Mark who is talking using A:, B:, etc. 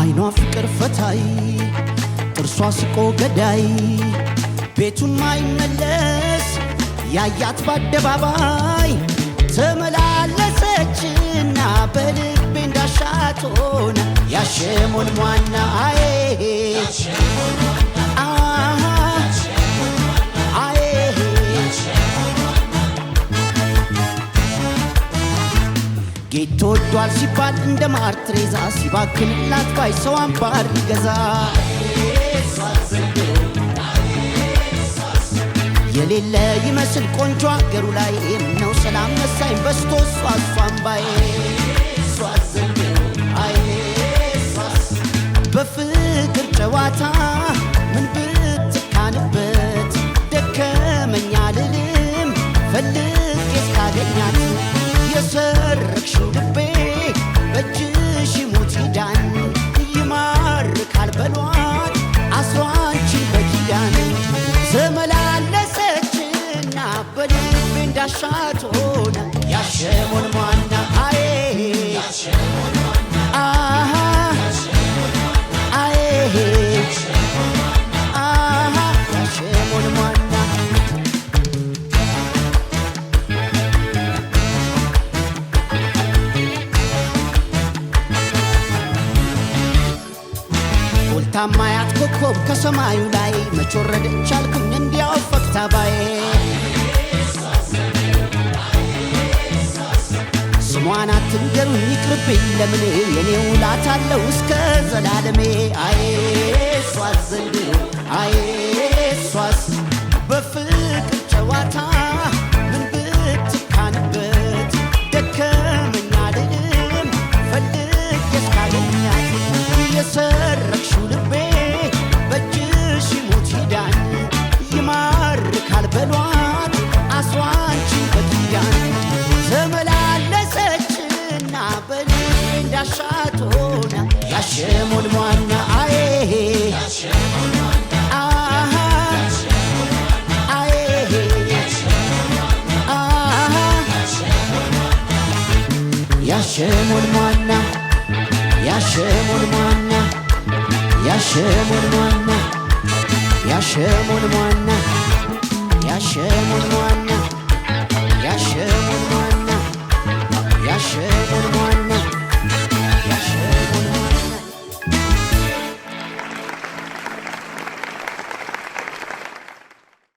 A: አይኗ ፍቅር ፈታይ ጥርሷ ስቆ ገዳይ ቤቱን ማይመለስ ያያት በአደባባይ ተመላለሰችና በልቤ እንዳሻት ሆነ ያሸሞን ሟና አዬ ጌት ተወዷል ሲባል እንደ ማር ትሬዛ ሲባክንላት ባይ ሰው አምባር ይገዛ የሌለ ይመስል ቆንጆ አገሩ ላይ የምነው ሰላም መሳይ በስቶ እሷ እሷም ባይ በፍቅር ጨዋታ ምን ብትካንበት ደከመኛ ልልም ፈልጌ እስካገኛት የማረክሽው ልቤ በእጅሽ ሙት ይዳን ይማርካል በሏት አስሮ በኪዳን በልቤ እንዳሻት ሆነ ያሸሞን ሰማያት ኮከብ ከሰማዩ ላይ መች ወረደች አልኩኝ እንዲያው ፈቅታ ባዬ ስሟን አትንገሩኝ ይቅርብኝ ለምኔ የኔ ውላት አለው እስከ ዘላለሜ አዬ ዘንድ በፍቅር ጨዋታ ምን ደከመኛ ያሻቶና ያሸሞልሟና አዬሄ
B: ያሸሞልሟና
A: ያሸሞልሟና ያሸሞልሟና ያሸሞልሟና ያሸሞልሟና